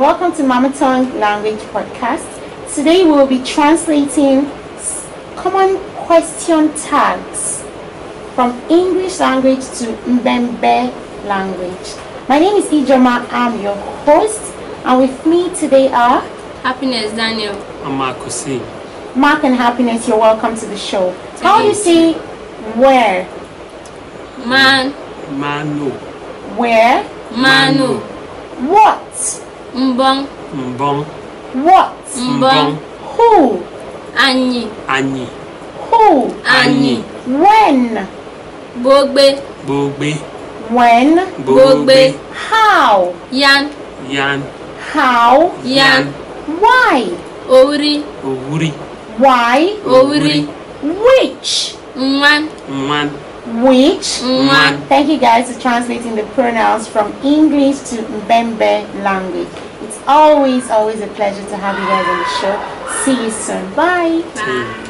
welcome to Mama Tongue Language Podcast. Today we will be translating common question tags from English language to Mbembe language. My name is Ijoma, I'm your host, and with me today are Happiness Daniel and Mark Markusi. Mark and Happiness, you're welcome to the show. Today. How do you say where? Man. Manu. Where? Manu? What? Mbong. Mbong. What? Mbong. Who? Anyi. Anyi. Who? Anyi. When? Bogbe. Bogbe. When? Bogbe. How? Yan. Yan. How? Yan. Why? Ouri. Ouri. Why? Ouri. Which? Mwan. Mwan. Which? Mwan. Thank you guys for translating the pronouns from English to Mbembe language always, always a pleasure to have you guys on the show. See you soon. Bye. Bye.